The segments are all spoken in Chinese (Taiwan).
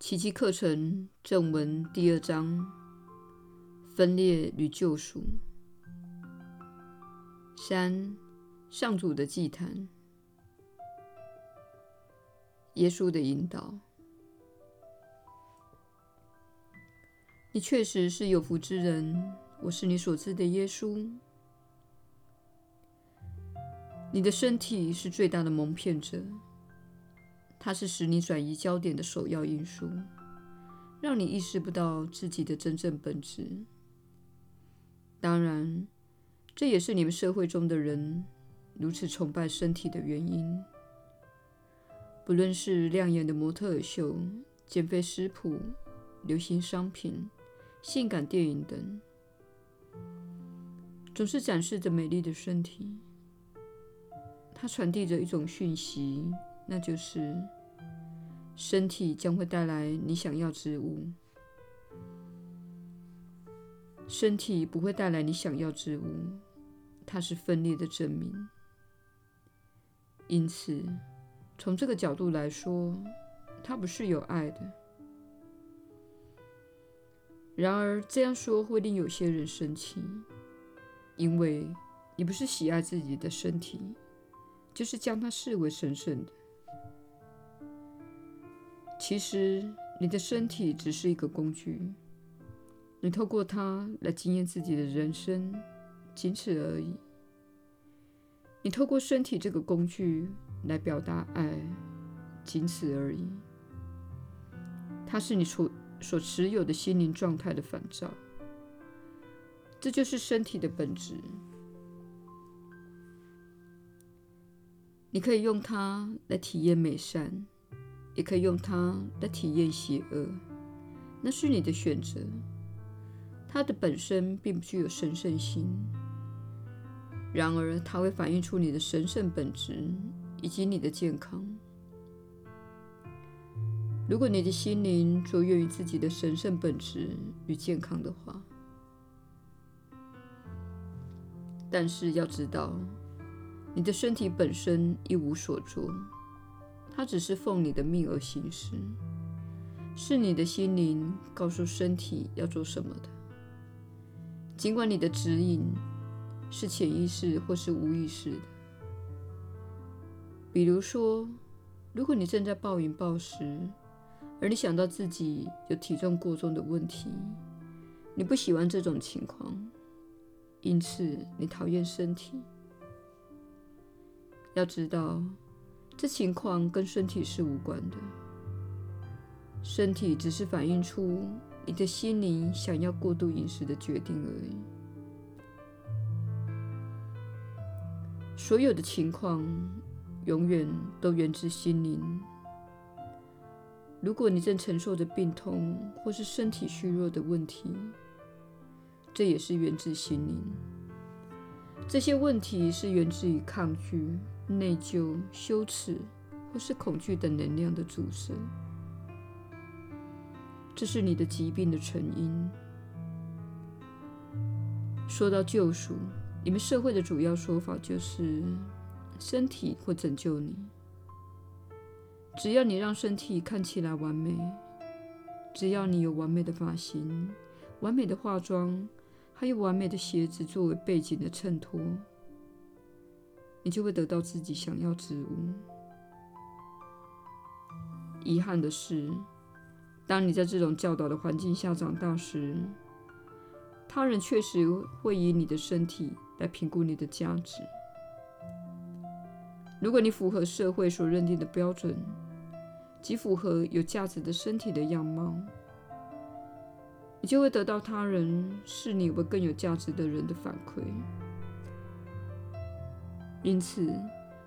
奇蹟課程正文第二章：分裂與救贖。三、上主的祭壇。耶穌的引導。你確實是有福之人，我是你所知的耶穌。你的身體是最大的矇騙者。它是使你轉移焦點的首要因素，讓你意識不到自己的真正本質。當然，這也是你們社會中的人如此崇拜身體的原因。不論是亮眼的模特兒秀、減肥食譜、流行商品、性感電影等，總是展示着美麗的身體。它傳遞着一種訊息。那就是身體將會帶來你想要之物。身體不會帶來你想要之物，它是分裂的證明。因此，從這個角度來說，它不是有愛的。然而，這樣說會令有些人生氣，因為你不是喜愛自己的身體，就是將它視為神聖的。其實，你的身體只是一個工具，你透過它來經驗自己的人生，僅此而已。你透過身體這個工具來表達愛，僅此而已。它是你所所持有的心靈狀態的反照，這就是身體的本質。你可以用它來體驗美善，也可以用它來體驗邪惡，那是你的選擇。它的本身並不具有神聖性，然而它會反映出你的神聖本質以及你的健康。如果你的心靈着眼於自己的神聖本質與健康的話，但是要知道，你的身體本身一無所做。它只是奉你的命而行事，是你的心靈告訴身體要做什麼的。儘管你的指引是潛意識或是無意識的，比如說，如果你正在暴飲暴食，而你想到自己有體重過重的問題，你不喜歡這種情況，因此你討厭身體。要知道。這情況跟身體是無關的，身體只是反映出你的心靈想要過度飲食的決定而已。所有的情況永遠都源自心靈。如果你正承受着病痛或是身體虛弱的問題，這也是源自心靈。這些問題是源自於抗拒、內疚、羞恥或是恐懼等能量的阻塞，這是你的疾病的成因。說到救贖，你們社會的主要說法就是身體會拯救你。只要你讓身體看起來完美，只要你有完美的髮型、完美的化妝，還有完美的鞋子作為背景的襯托。你就會得到自己想要之物。遺憾的是，當你在這種教導的環境下長大時，他人確實會以你的身體來評估你的價值。如果你符合社會所認定的標準，即符合有價值的身體的樣貌，你就會得到他人視你為更有價值的人的反饋。因此，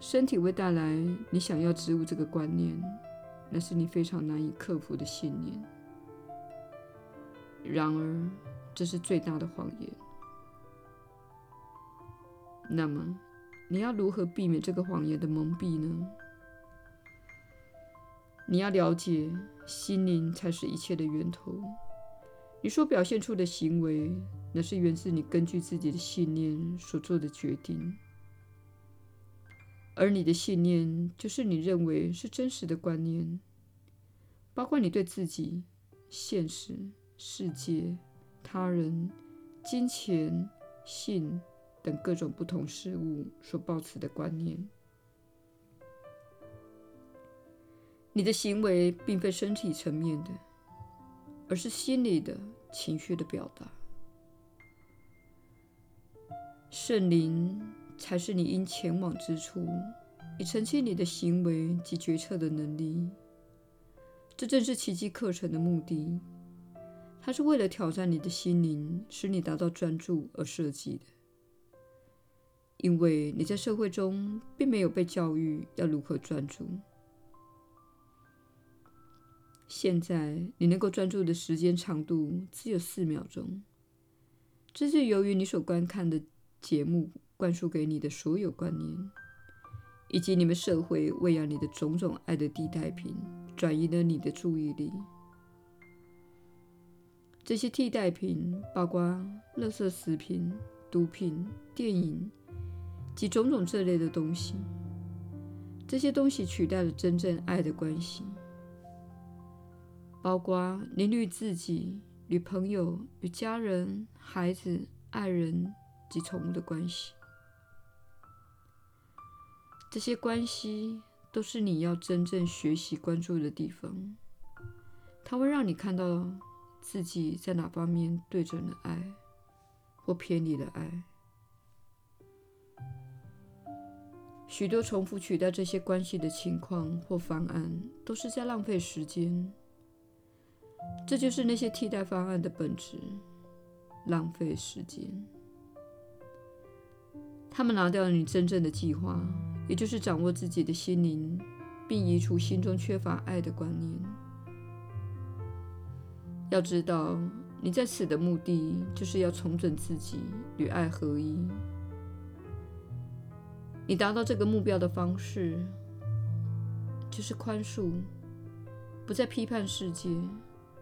身體會帶來你想要之物這個觀念，那是你非常難以克服的信念。然而，這是最大的謊言。那麼，你要如何避免這個謊言的蒙蔽呢？你要了解，心靈才是一切的源頭。你所表現出的行為，那是源自你根據自己的信念所做的決定。而你的信念，就是你認為是真實的觀念，包括你對自己、現實、世界、他人、金錢、性等各種不同事物所抱持的觀念。你的行為並非身體層面的，而是心理的、情緒的表達。聖靈才是你應前往之處，以澄清你的行為及決策的能力。這正是奇蹟課程的目的，它是為了挑戰你的心靈，使你達到專注而設計的。因為你在社會中並沒有被教育要如何專注，現在你能夠專注的時間長度只有四秒鐘，這是由於你所觀看的節目。灌輸給你的所有觀念，以及你們社會餵養你的種種愛的替代品，轉移了你的注意力。這些替代品包括垃圾食品、毒品、電影及種種這類的東西。這些東西取代了真正愛的關係，包括你與自己、與朋友、與家人、孩子、愛人及寵物的關係。這些關係都是你要真正學習關注的地方，它會讓你看到自己在哪方面對準了愛，或偏離了愛。許多重複取代這些關係的情況或方案，都是在浪費時間。這就是那些替代方案的本質：浪費時間。他們拿掉了你真正的計劃。也就是掌握自己的心靈，並移除心中缺乏愛的觀念。要知道，你在此的目的，就是要重整自己與愛合一。你達到這個目標的方式，就是寬恕，不再批判世界，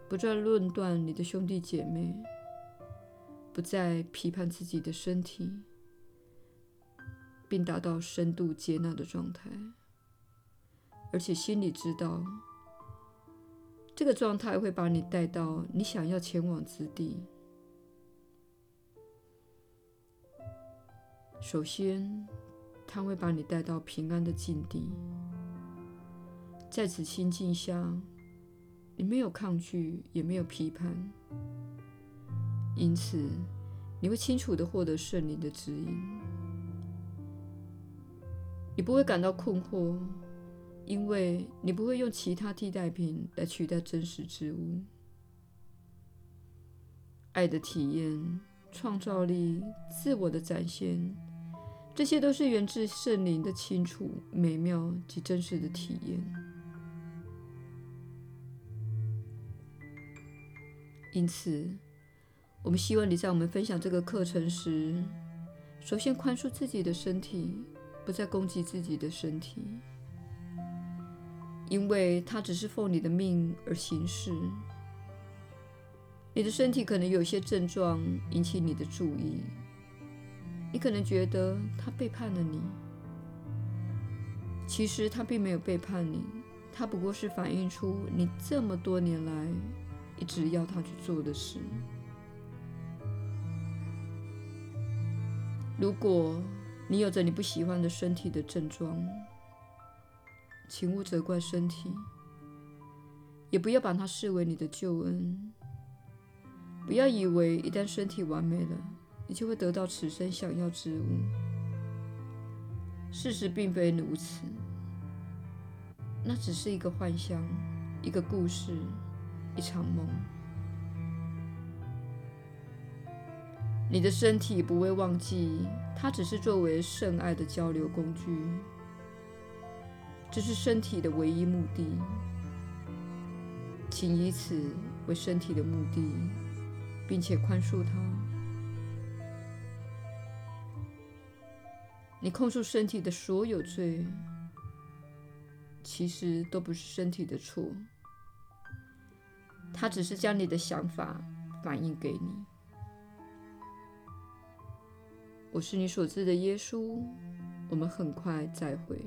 不再論斷你的兄弟姐妹，不再批判自己的身體。並達到深度接納的狀態，而且心裡知道，這個狀態會把你帶到你想要前往之地。首先，它會把你帶到平安的境地，在此心境下，你沒有抗拒，也沒有批判，因此你會清楚地獲得聖靈的指引。你不會感到困惑，因為你不會用其他替代品來取代真實之物。愛的體驗、創造力、自我的展現，這些都是源自聖靈的清楚、美妙及真實的體驗。因此，我們希望你在我們分享這個課程時，首先寬恕自己的身體。不再攻擊自己的身體，因為他只是奉你的命而行事。你的身體可能有一些症狀引起你的注意，你可能覺得他背叛了你。其實他並沒有背叛你，他不過是反映出你這麼多年來一直要他去做的事。如果。你有着你不喜歡的身體的症狀，請勿責怪身體，也不要把它視為你的救恩。不要以為一旦身體完美了，你就會得到此生想要之物。事實並非如此，那只是一個幻相，一個故事，一場夢。你的身體不會忘記。它只是作為聖愛的交流工具，這是身體的唯一目的。請以此為身體的目的，並且寬恕它。你控訴身體的所有罪，其實都不是身體的錯，它只是將你的想法反映給你。我是你所知的耶穌，我們很快再會。